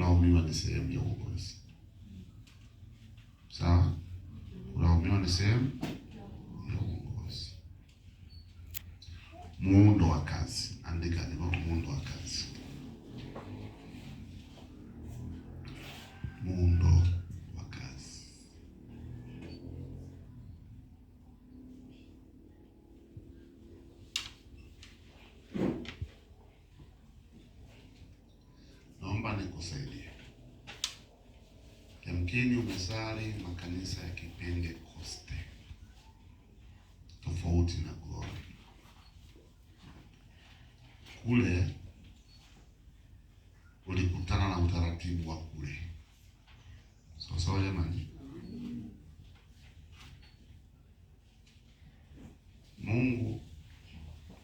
kulaumiwa ni sehemu ya uongozi. Sawa, kulaumiwa ni sehemu ya uongozi. Muundo wa kazi, andika neno muundo wa kazi. ikusaidie. Yamkini umesali makanisa ya Kipentekoste tofauti na Glory kule ulikutana na utaratibu wa kule sawa sawa. Jamani, Mungu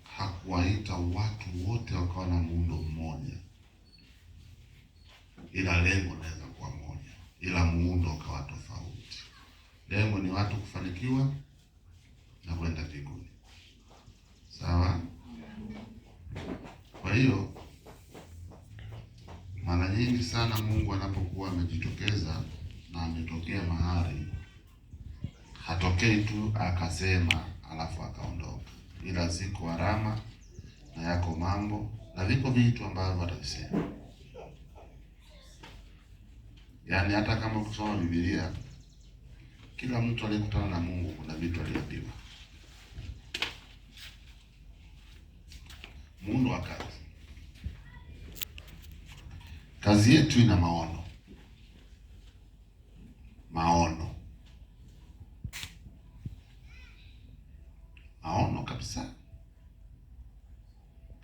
hakuwaita watu wote wakawa na muundo mmoja ila lengo linaweza kuwa moja, ila muundo ukawa tofauti. Lengo ni watu kufanikiwa na kwenda mbinguni, sawa. Kwa hiyo mara nyingi sana Mungu anapokuwa amejitokeza na ametokea mahali, hatokei tu akasema alafu akaondoka, ila ziko alama na yako mambo na viko vitu ambavyo atavisema Yaani hata kama kusoma Biblia, kila mtu aliyekutana na Mungu kuna vitu aliambiwa. Muundo wa kazi, kazi yetu ina maono, maono, maono kabisa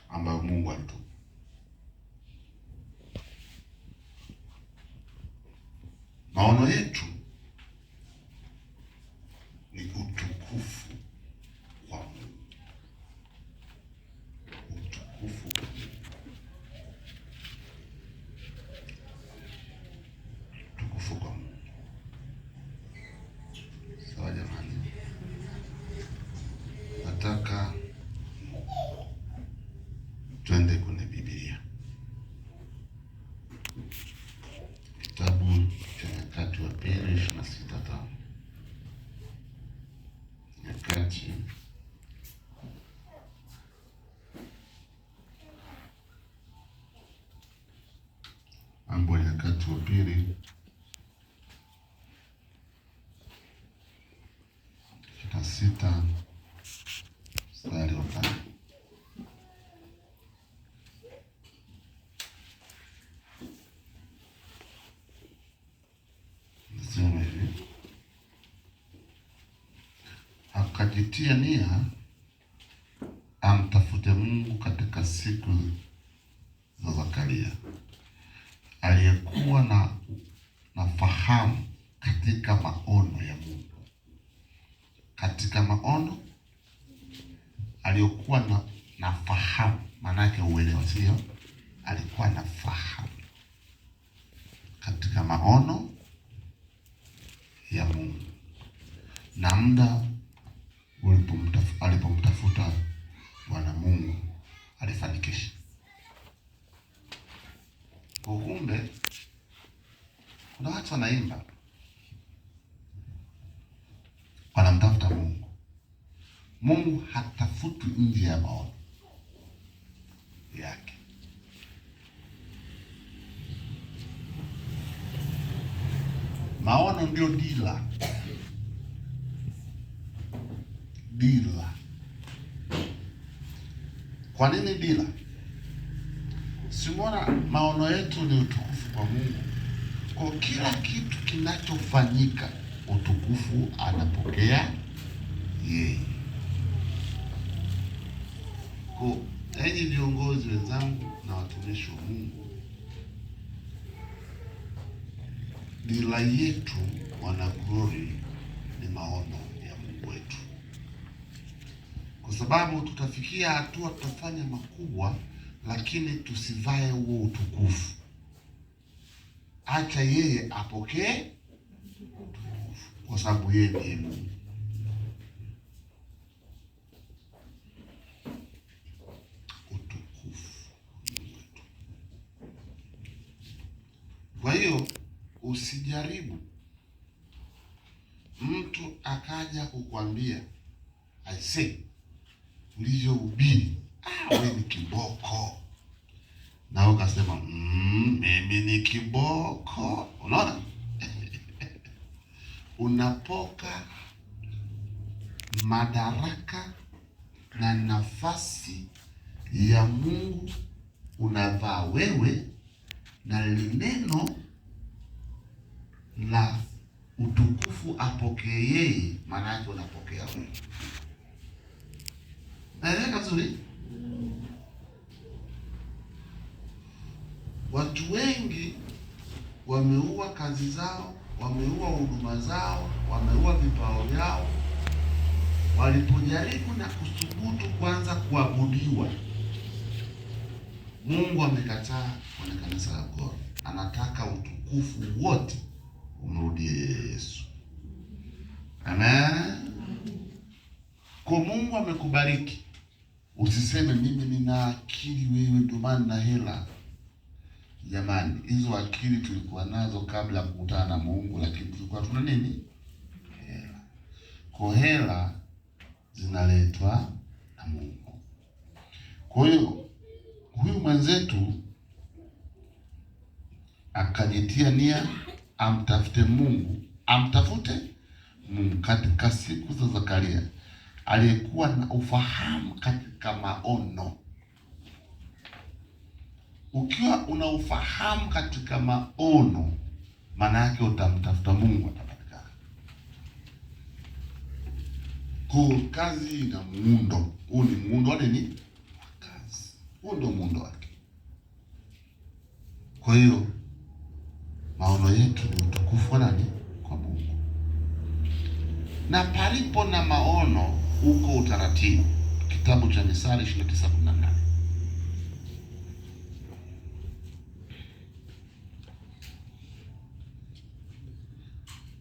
ambayo Mungu alitupa yetu Jumapili sita sita mstari wa tano akajitia nia amtafute Mungu katika siku za Zakaria aliyekuwa na na fahamu katika maono ya Mungu, katika maono aliyokuwa na, na fahamu maana yake uelewa, sio alikuwa na fahamu katika maono ya Mungu na muda nje ya maono yake. Maono ndio dira, dira. Kwa nini dira? Simona, maono yetu ni utukufu kwa Mungu, kwa kila kitu kinachofanyika utukufu anapokea yeye. Kwa enyi viongozi wenzangu na watumishi wa Mungu, dira yetu wanaGrori ni maono ya Mungu wetu, kwa sababu tutafikia hatua tutafanya makubwa, lakini tusivae huo utukufu. Acha yeye apokee utukufu, kwa sababu yeye ndiye Mungu. Kwa hiyo usijaribu mtu akaja kukwambia aisee, ulivyohubiri ubini ah, we ni kiboko, na ukasema mmm, mimi ni kiboko. Unaona unapoka madaraka na nafasi ya Mungu unavaa wewe na lineno la utukufu apokee yeye, maana yake unapokea Mungu. Naeleweka vizuri? Watu wengi wameua kazi zao, wameua huduma zao, wameua vipao vyao walipojaribu na kuthubutu kwanza kuabudiwa Mungu amekataa la Gor, anataka utukufu wote umrudie Yesu. Amen. Kwa Mungu amekubariki, usiseme mimi nina akili, wewe ndio maana na hela. Jamani, hizo akili tulikuwa nazo kabla ya kukutana na Mungu, lakini tulikuwa tuna nini? Hela. Kwa hela zinaletwa na Mungu, kwa hiyo huyu mwenzetu akajitia nia amtafute Mungu, amtafute Mungu katika siku za Zakaria aliyekuwa na ufahamu katika maono. Ukiwa una ufahamu katika maono, maana yake utamtafuta Mungu atapatikana. Kazi na muundo huu, ni muundo wa nini? Huo ndio muundo wake. Kwa hiyo maono yetu ni utukufu wa nani? Kwa Mungu. Na palipo na maono huko utaratibu, kitabu cha Misali 29:18.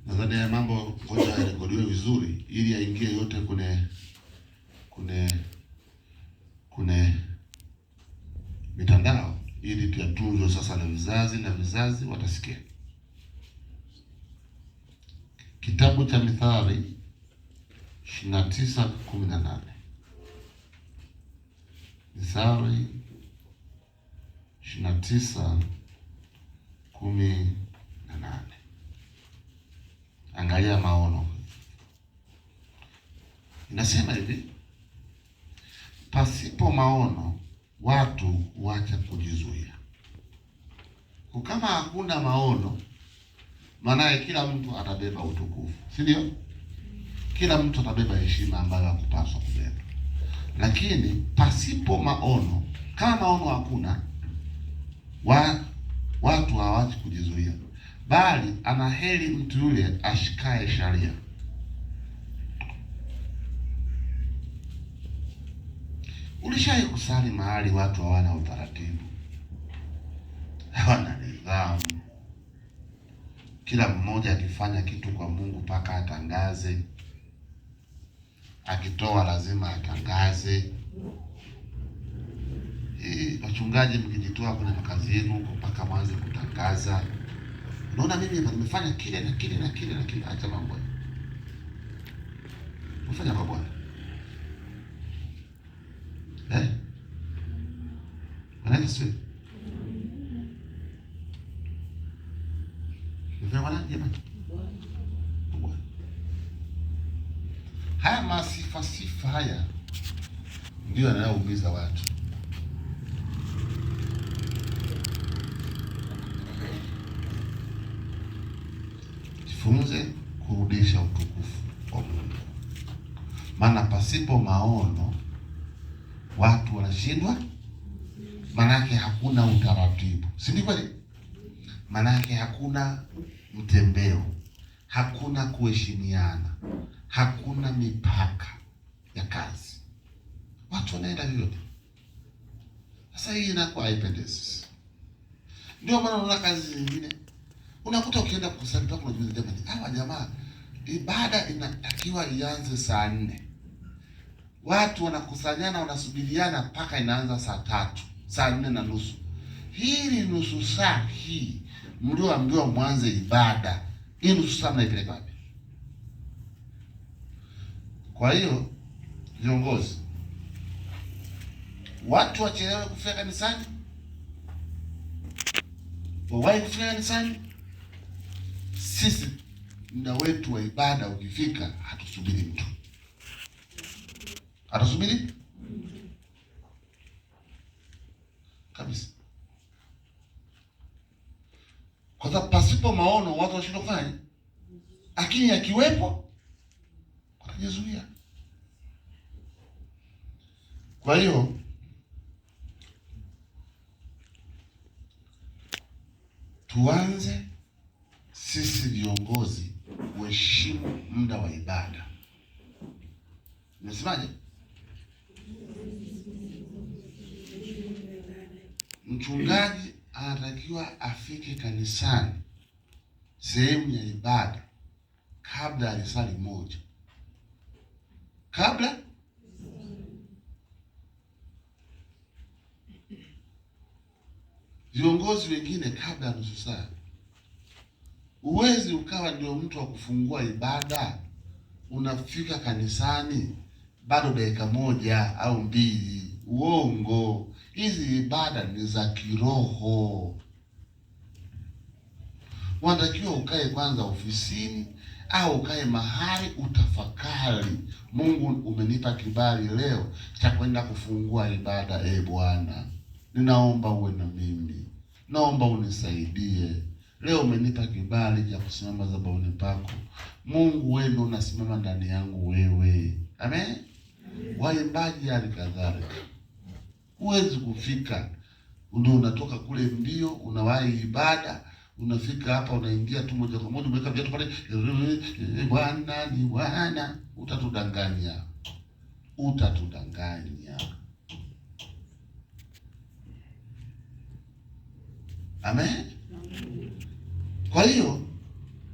Nadhani ya mambo ngoja yarekodiwe vizuri ili yaingie yote kwenye vizazi na vizazi watasikia. Kitabu cha Mithali 29:18. Mithali 29:18. Angalia maono. Inasema hivi: pasipo maono watu huacha kujizuia kama hakuna maono, maanaye kila mtu atabeba utukufu, si ndio? Kila mtu atabeba heshima ambayo hakupaswa kubeba. Lakini pasipo maono, kama maono hakuna wa, watu hawachi kujizuia, bali anaheri mtu yule ashikae sharia. Ulishaye kusali mahali watu hawana utaratibu hawana nidhamu. Kila mmoja akifanya kitu kwa Mungu mpaka atangaze, akitoa lazima atangaze. E, wachungaji mkijitoa kwenye makazi yenu huko mpaka mwanze kutangaza, unaona mimi nimefanya kile na kile na kile na kile. Acha mambo ufanya kwa Bwana eh? jamani, haya masifa sifa haya ndio yanayoumiza watu. Jifunze kurudisha utukufu wa Mungu, maana pasipo maono watu wanashindwa, maanake hakuna utaratibu, si kweli? Maanake hakuna mtembeo, hakuna kuheshimiana, hakuna mipaka ya kazi, watu wanaenda vyovyote. Sasa hii inakuwa haipendezi. Ndio maana unaona kazi zingine unakuta ukienda kusali pako, unajiuliza jamani, hawa jamaa ibada inatakiwa ianze saa nne, watu wanakusanyana wanasubiriana mpaka inaanza saa tatu, saa nne na nusu. Hii ni nusu saa hii mlioambiwa mwanze ibada, hii nusu saa mnaipeleka wapi? Kwa hiyo viongozi, watu wachelewe kufika kanisani, wawahi kufika kanisani. Sisi muda wetu wa ibada ukifika, hatusubiri mtu, hatusubiri kabisa. kwa sababu pasipo maono watu washindwa kufanya, lakini yakiwepo watajizuia. Kwa hiyo tuanze sisi viongozi kuheshimu muda wa ibada. Nasemaje? Mchungaji anatakiwa afike kanisani sehemu ya ibada kabla ya risali moja, kabla viongozi wengine, kabla ya nusu saa. uwezi ukawa ndio mtu wa kufungua ibada, unafika kanisani bado dakika moja au mbili uongo. Hizi ibada ni za kiroho. Unatakiwa ukae kwanza ofisini au ukae mahali utafakari, Mungu umenipa kibali leo cha kwenda kufungua ibada. E Bwana, ninaomba uwe na mimi, naomba unisaidie leo. Umenipa kibali cha kusimama zabauni pako. Mungu wewe unasimama ndani yangu wewe. Amen, amen. Waimbaji hali kadhalika huwezi kufika. Ndio unatoka kule mbio, unawahi ibada, unafika hapa, unaingia tu moja kwa moja, umeweka viatu pale, eh, bwana ni bwana. Utatudanganya, utatudanganya. Amen. Kwa hiyo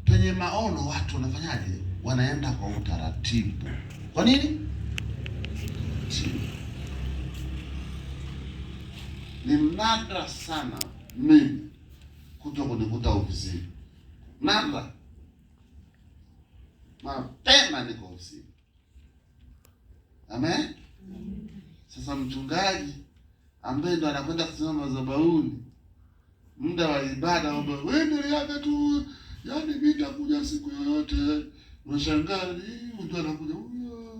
penye maono watu wanafanyaje? Wanaenda kwa utaratibu. Kwa nini? Ni nadra sana mimi kuto kunikuta ofisini, nadra. Mapema niko ofisini. Amen. Sasa mchungaji ambaye ndo anakwenda kusimama madhabahuni muda wa ibada, wendeleake tu, yaani mimi nitakuja siku yoyote. Unashangaa mtu anakuja huyo.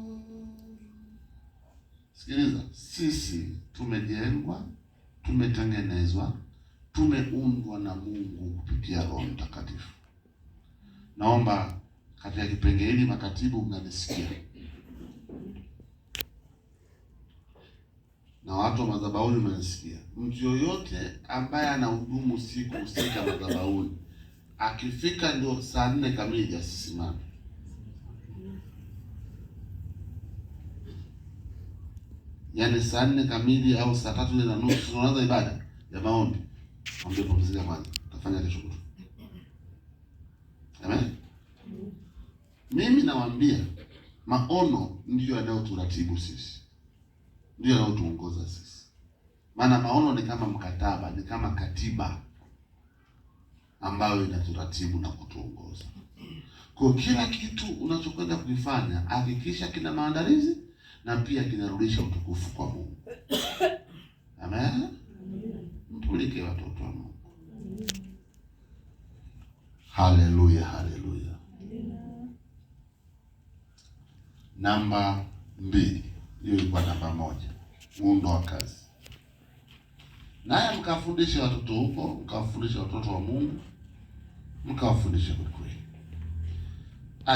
Sikiliza, sisi tumejengwa tumetengenezwa, tumeundwa na Mungu kupitia Roho Mtakatifu. Naomba katika kipengele hili makatibu, mnanisikia na watu wa madhabahuni mnanisikia, mtu yoyote ambaye anahudumu siku husika madhabahuni akifika ndio saa nne kamili asisimame. yani saa nne kamili au saa tatu na nusu tunaanza ibada ya maombi, mwambie pumzika kwanza, tafanya kesho kutwa. Amen. Mimi nawaambia maono ndiyo yanayoturatibu sisi, ndiyo yanayotuongoza sisi, maana maono ni kama mkataba, ni kama katiba ambayo inaturatibu na kutuongoza. Kwa kila kitu unachokwenda kukifanya, hakikisha kina maandalizi na pia kinarudisha utukufu kwa Mungu. Amen. Mtulike watoto wa Mungu. Haleluya, haleluya. Namba mbili, hiyo ilikuwa namba moja, muundo wa kazi. Naye mkafundisha watoto huko, mkawafundisha watoto wa Mungu, mkawafundisha kweli kweli.